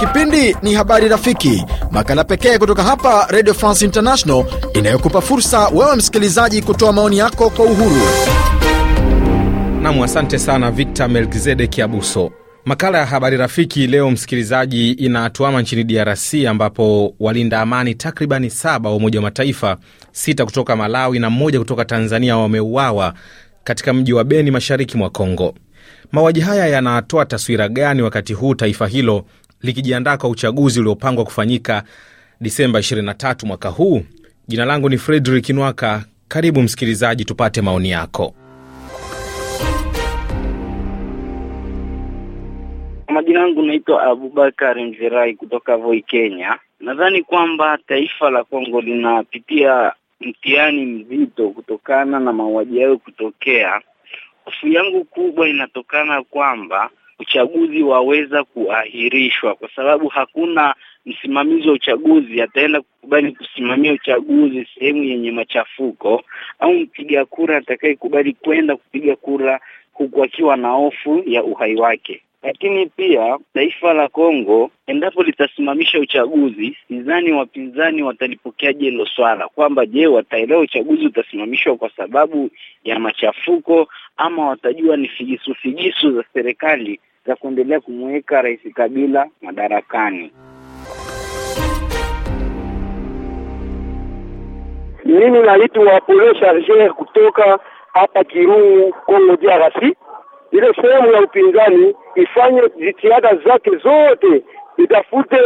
Kipindi ni Habari Rafiki, makala pekee kutoka hapa Radio France International inayokupa fursa wewe msikilizaji kutoa maoni yako kwa uhuru. Nam, asante sana Victor Melkizedeki Abuso. Makala ya habari rafiki leo, msikilizaji, inatuama nchini DRC ambapo walinda amani takribani saba wa Umoja wa Mataifa, sita kutoka Malawi na mmoja kutoka Tanzania wameuawa katika mji wa Beni, mashariki mwa Kongo. Mauaji haya yanatoa taswira gani wakati huu taifa hilo likijiandaa kwa uchaguzi uliopangwa kufanyika Disemba 23 mwaka huu? Jina langu ni Fredrik Nwaka. Karibu msikilizaji, tupate maoni yako. Majina yangu naitwa Abubakar Mzirai kutoka Voi, Kenya. Nadhani kwamba taifa la Kongo linapitia mtihani mzito kutokana na mauaji hayo kutokea hofu yangu kubwa inatokana kwamba uchaguzi waweza kuahirishwa kwa sababu hakuna msimamizi wa uchaguzi ataenda kukubali kusimamia uchaguzi sehemu yenye machafuko, au mpiga kura atakayekubali kwenda kupiga kura huku akiwa na hofu ya uhai wake. Lakini pia taifa la Kongo endapo litasimamisha uchaguzi, sidhani wapinzani watalipokeaje hilo swala, kwamba je, wataelewa uchaguzi utasimamishwa kwa sababu ya machafuko ama watajua ni figisu figisu za serikali za kuendelea kumweka Rais Kabila madarakani. Mimi naitwa Polo Charger kutoka hapa Kirungu, Kongo DRC ile sehemu ya upinzani ifanye jitihada zake zote itafute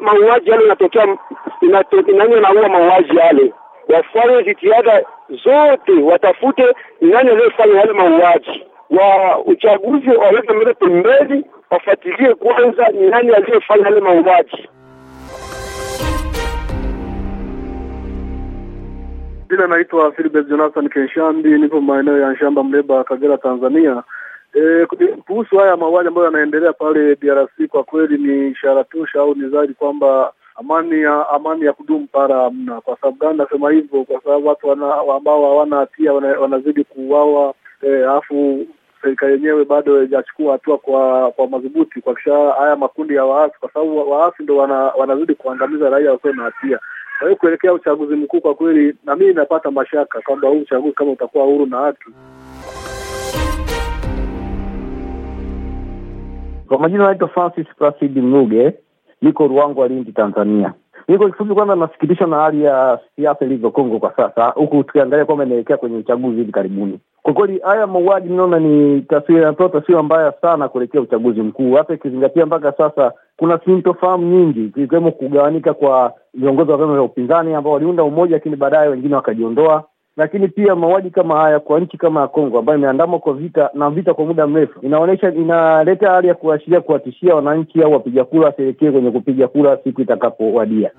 mauaji yale inatokea nani naua mauaji yale, wafanye jitihada zote, watafute nani aliyefanya yale mauaji. Wa uchaguzi waweke mbele pembeni, wafuatilie kwanza ni nani aliyefanya yale mauaji. Jina naitwa Philbert Jonathan Kenshambi, nipo maeneo ya Nshamba, Mleba, Kagera, Tanzania. E, kuhusu haya mauaji ambayo yanaendelea pale DRC kwa kweli ni ishara tosha au ni zaidi kwamba amani ya amani ya kudumu para hamna. Kwa sababu gani nasema hivyo? Kwa sababu watu ambao hawana hatia wanazidi kuuawa, e, alafu e, serikali yenyewe bado haijachukua hatua kwa kwa madhubuti kuhakikisha haya makundi ya waasi, kwa sababu waasi ndo wana, wanazidi kuangamiza raia wasio na hatia. Kwa hiyo kuelekea uchaguzi mkuu, kwa kweli na mimi napata mashaka kwamba huu uchaguzi kama utakuwa huru na haki Kwa majina naitwa Francis Placid Mnuge, niko Ruangwa, Lindi, Tanzania. niko kifupi, kwanza nasikitishwa na hali ya siasa ilivyo Kongo kwa sasa, huku tukiangalia kwamba inaelekea kwenye uchaguzi hivi karibuni. Kwa kweli, haya mauaji naona ni taswira, inatoa taswira mbaya sana kuelekea uchaguzi mkuu, hata ikizingatia mpaka sasa kuna sintofahamu nyingi, ikiwemo kugawanika kwa viongozi wa vyama vya upinzani ambao waliunda umoja, lakini baadaye wengine wakajiondoa lakini pia mauaji kama haya kwa nchi kama ya Kongo ambayo imeandamwa kwa vita na vita kwa muda mrefu, inaonyesha inaleta hali ya kuashiria kuwatishia wananchi au wapiga kura wasielekee kwenye kupiga kura siku itakapowadia.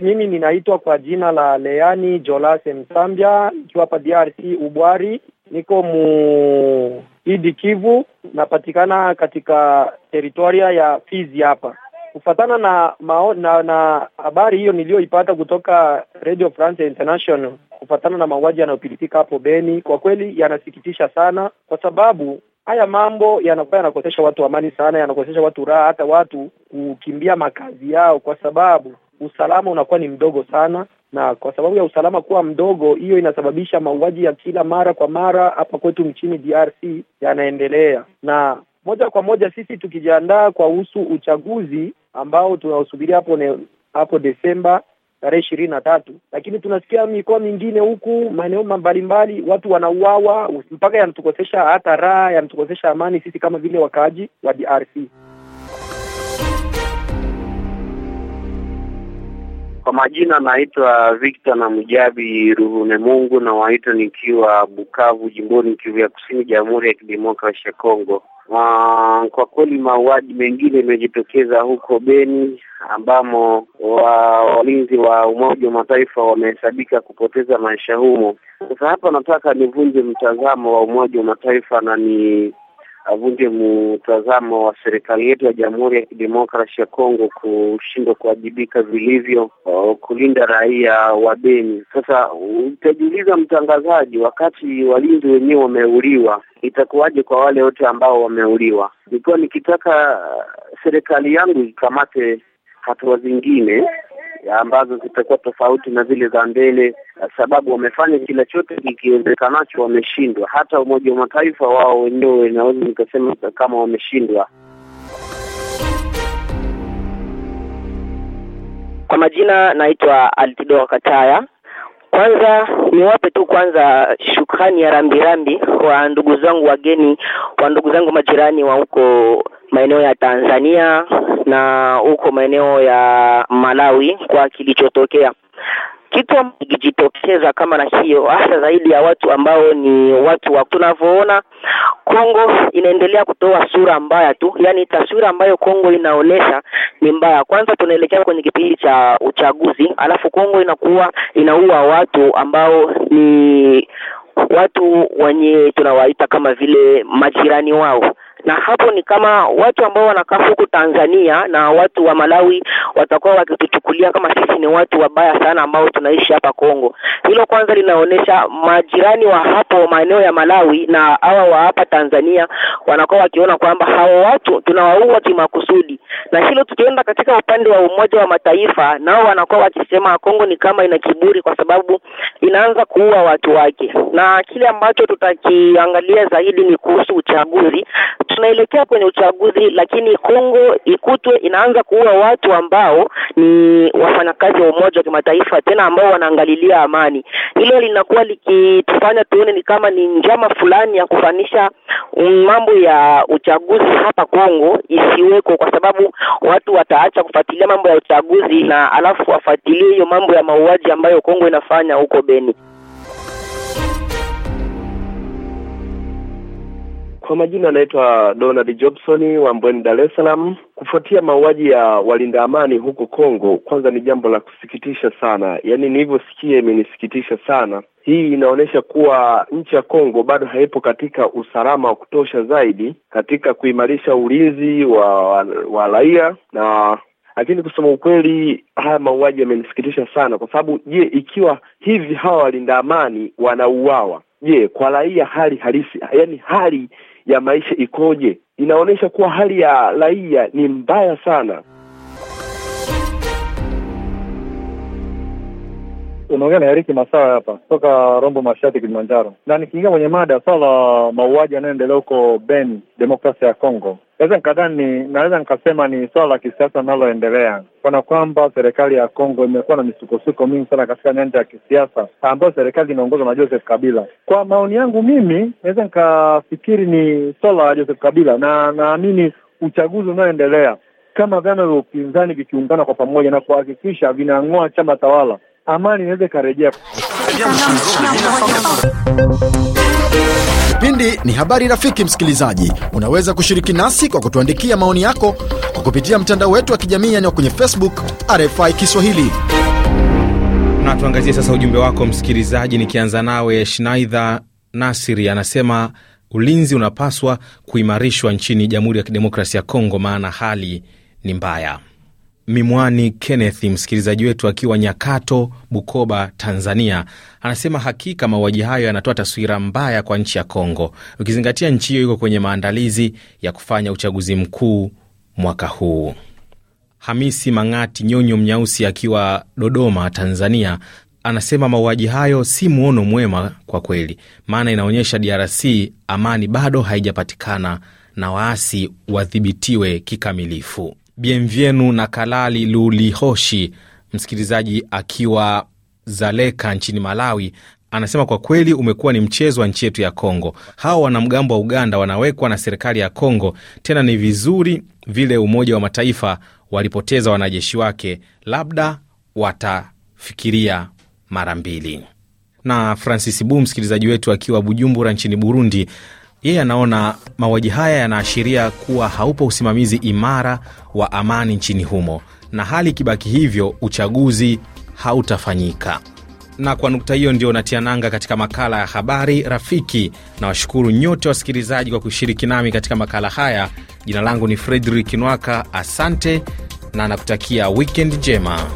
Mimi ninaitwa kwa jina la Leani Jolase Msambia, nikiwa hapa DRC Ubwari, niko mu Idi Kivu, napatikana katika teritoria ya Fizi hapa Kufatana na mao, na, na habari hiyo niliyoipata kutoka Radio France International, kufatana na mauaji yanayopilitika hapo Beni, kwa kweli yanasikitisha sana, kwa sababu haya mambo yanakuwa yanakosesha watu amani sana, yanakosesha watu raha, hata watu kukimbia makazi yao, kwa sababu usalama unakuwa ni mdogo sana, na kwa sababu ya usalama kuwa mdogo, hiyo inasababisha mauaji ya kila mara kwa mara hapa kwetu nchini DRC yanaendelea na moja kwa moja sisi tukijiandaa kwa husu uchaguzi ambao tunaosubiria hapo ne, hapo Desemba tarehe ishirini na tatu, lakini tunasikia mikoa mingine huku maeneo mbalimbali watu wanauawa mpaka yanatukosesha hata raha, yanatukosesha amani sisi kama vile wakaaji wa DRC. Kwa majina naitwa Victor na Mujabi Ruhune Mungu na waitwa nikiwa Bukavu, jimboni Kivu ya Kusini, Jamhuri ya Kidemokrasia ya Kongo. Uh, kwa kweli mauaji mengine yamejitokeza huko Beni ambamo wa, walinzi wa Umoja wa Mataifa wamehesabika kupoteza maisha humo. Sasa hapa nataka nivunje mtazamo wa Umoja wa Mataifa na ni avunje mtazamo wa serikali yetu ya Jamhuri ya Kidemokrasia ya Kongo kushindwa kuwajibika vilivyo uh, kulinda raia wa Beni. Sasa utajiuliza, mtangazaji, wakati walinzi wenyewe wameuliwa, itakuwaje kwa wale wote ambao wameuliwa? Nilikuwa nikitaka uh, serikali yangu ikamate hatua zingine ambazo zitakuwa tofauti na zile za mbele, sababu wamefanya kila chote kikiwezekanacho, wameshindwa. Hata Umoja wa Mataifa wao wenyewe naweza nikasema kama wameshindwa. Kwa majina naitwa Altido Kataya. Kwanza niwape tu kwanza shukrani ya rambirambi kwa ndugu zangu wageni, kwa ndugu zangu majirani wa huko maeneo ya Tanzania na huko maeneo ya Malawi kwa kilichotokea kitu kijitokeza kama na hiyo hasa zaidi ya watu ambao ni watu wa tunavyoona, Kongo inaendelea kutoa sura mbaya tu, yaani taswira ambayo Kongo inaonesha ni mbaya. Kwanza tunaelekea kwenye kipindi cha uchaguzi, alafu Kongo inakuwa inaua watu ambao ni watu wenye tunawaita kama vile majirani wao na hapo ni kama watu ambao wanakaa huku Tanzania na watu wa Malawi watakuwa wakituchukulia kama sisi ni watu wabaya sana ambao tunaishi hapa Kongo. Hilo kwanza linaonyesha majirani wa hapo maeneo ya Malawi na hawa wa hapa Tanzania wanakuwa wakiona kwamba hao watu tunawaua kimakusudi, na hilo tukienda katika upande wa Umoja wa Mataifa, nao wanakuwa wakisema Kongo ni kama ina kiburi kwa sababu inaanza kuua watu wake, na kile ambacho tutakiangalia zaidi ni kuhusu uchaguzi tunaelekea kwenye uchaguzi, lakini Kongo ikutwe inaanza kuua watu ambao ni wafanyakazi wa Umoja wa Kimataifa, tena ambao wanaangalilia amani. Hilo linakuwa likitufanya tuone ni kama ni njama fulani ya kufanisha mambo ya uchaguzi hapa Kongo isiweko, kwa sababu watu wataacha kufuatilia mambo ya uchaguzi na alafu wafuatilie hiyo mambo ya mauaji ambayo Kongo inafanya huko Beni. Kwa majina anaitwa Donald Jobson wa Mbweni, Dar es Salaam. Kufuatia mauaji ya walinda amani huko Kongo, kwanza ni jambo la kusikitisha sana, yaani nilivyosikia imenisikitisha sana. Hii inaonyesha kuwa nchi ya Kongo bado haipo katika usalama wa kutosha zaidi katika kuimarisha ulinzi wa, wa, raia na lakini kusema ukweli, haya mauaji yamenisikitisha sana, kwa sababu je, ikiwa hivi hawa walinda amani wanauawa, je, kwa raia hali halisi, yaani hali ya maisha ikoje, inaonyesha kuwa hali ya raia ni mbaya sana. unaongea na Eriki Masawe hapa toka Rombo Mashati, Kilimanjaro, na nikiingia kwenye mada swala la mauaji yanayoendelea huko Beni, demokrasia ya Kongo, naweza nikadhani, naweza nikasema ni swala la kisiasa linaloendelea, kana kwamba serikali ya Kongo imekuwa na misukosuko mingi sana katika nyanja ya kisiasa ambayo serikali inaongozwa na Joseph Kabila. Kwa maoni yangu mimi, naweza nikafikiri ni swala la Joseph Kabila, na naamini uchaguzi unaoendelea kama vyama vya upinzani vikiungana kwa pamoja na kuhakikisha vinang'oa chama tawala amani inaweza ikarejea. Kipindi ni habari rafiki. Msikilizaji, unaweza kushiriki nasi kwa kutuandikia maoni yako kwa kupitia mtandao wetu wa kijamii yani kwenye Facebook RFI Kiswahili na tuangazie sasa ujumbe wako msikilizaji, nikianza nawe Shnaidha Nasiri anasema ulinzi unapaswa kuimarishwa nchini Jamhuri ya Kidemokrasia ya Kongo, maana hali ni mbaya. Mimwani Kenneth, msikilizaji wetu akiwa Nyakato, Bukoba, Tanzania, anasema hakika mauaji hayo yanatoa taswira mbaya kwa nchi ya Kongo, ukizingatia nchi hiyo iko kwenye maandalizi ya kufanya uchaguzi mkuu mwaka huu. Hamisi Mang'ati Nyonyo Mnyausi akiwa Dodoma, Tanzania, anasema mauaji hayo si mwono mwema kwa kweli, maana inaonyesha DRC amani bado haijapatikana na waasi wadhibitiwe kikamilifu. Bienvenu na Kalali Lulihoshi, msikilizaji akiwa Zaleka nchini Malawi, anasema kwa kweli umekuwa ni mchezo wa nchi yetu ya Kongo. Hawa wanamgambo wa Uganda wanawekwa na serikali ya Kongo, tena ni vizuri vile Umoja wa Mataifa walipoteza wanajeshi wake, labda watafikiria mara mbili. Na Francis Bu, msikilizaji wetu akiwa Bujumbura nchini Burundi, yeye anaona mauaji haya yanaashiria kuwa haupo usimamizi imara wa amani nchini humo, na hali ikibaki hivyo, uchaguzi hautafanyika. Na kwa nukta hiyo ndio natia nanga katika makala ya habari rafiki. na washukuru nyote wasikilizaji kwa kushiriki nami katika makala haya. Jina langu ni Fredrik Nwaka, asante na nakutakia wikend njema.